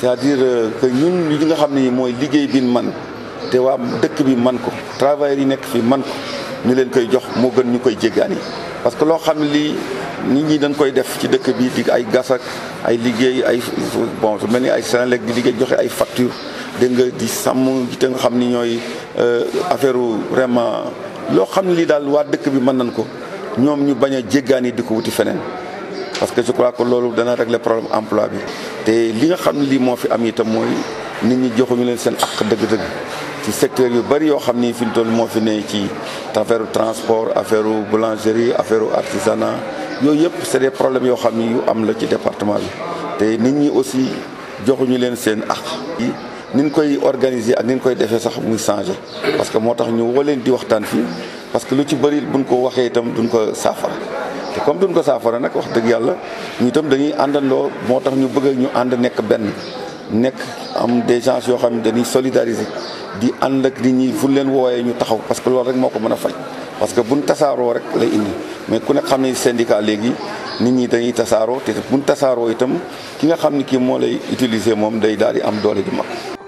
c'est-à-dire euh, que ñun li nga xam ne mooy liggéey bi man te waa dëkk bi man ko travailleurs yi nekk fii man ko ñu leen koy jox moo gën ñu koy jéggaani parce que loo xam ne nit ñi dañ koy def ci dëkk bi di ay gasak ay liggéey ay bon mel ni ay Senelec liggéey joxe ay facture dégg nga di sàmm te nga xam ni ñooy euh, affaire vraiment loo xam lii daal waa dëkk bi mën nañ ko ñoom ñu bañ a jéggaani di ko wuti feneen parce que je crois que loolu dana regle problème emploi bi te li nga xam ne lii moo fi am itam mooy nit ñi joxuñu leen seen ak dëgg-dëgg ci secteur yu bari yoo xam ni fi mu toll moo fi ne ci affaire transport affaire boulangerie affaire artisanat yooyu yëpp c'est des problèmes yoo xam ni yu am la ci département bi te nit ñi aussi joxuñu leen seen ak ni ñu koy organiser ak ni ñu koy defee sax muy changer parce que moo tax ñu woo leen di waxtaan fii parce que lu ci bari buñ ko waxee itam duñ ko saafara te comme duñ ko saafara nag wax dëgg yàlla ñu itam dañuy àndandoo moo tax ñu bëgg ñu ànd nekk benn nekk am des gens yoo xam ne dañuy solidariser di ànd ak nit ñi fu leen wooyee ñu taxaw parce que loolu rek moo ko mën a faj parce que buñ tasaaroo rek lay indi mais ku ne xam ne syndicat léegi nit ñi dañuy tasaaroo te buñ tasaaroo itam ki nga xam ne kii moo lay utiliser moom day daal di am doole ju mag.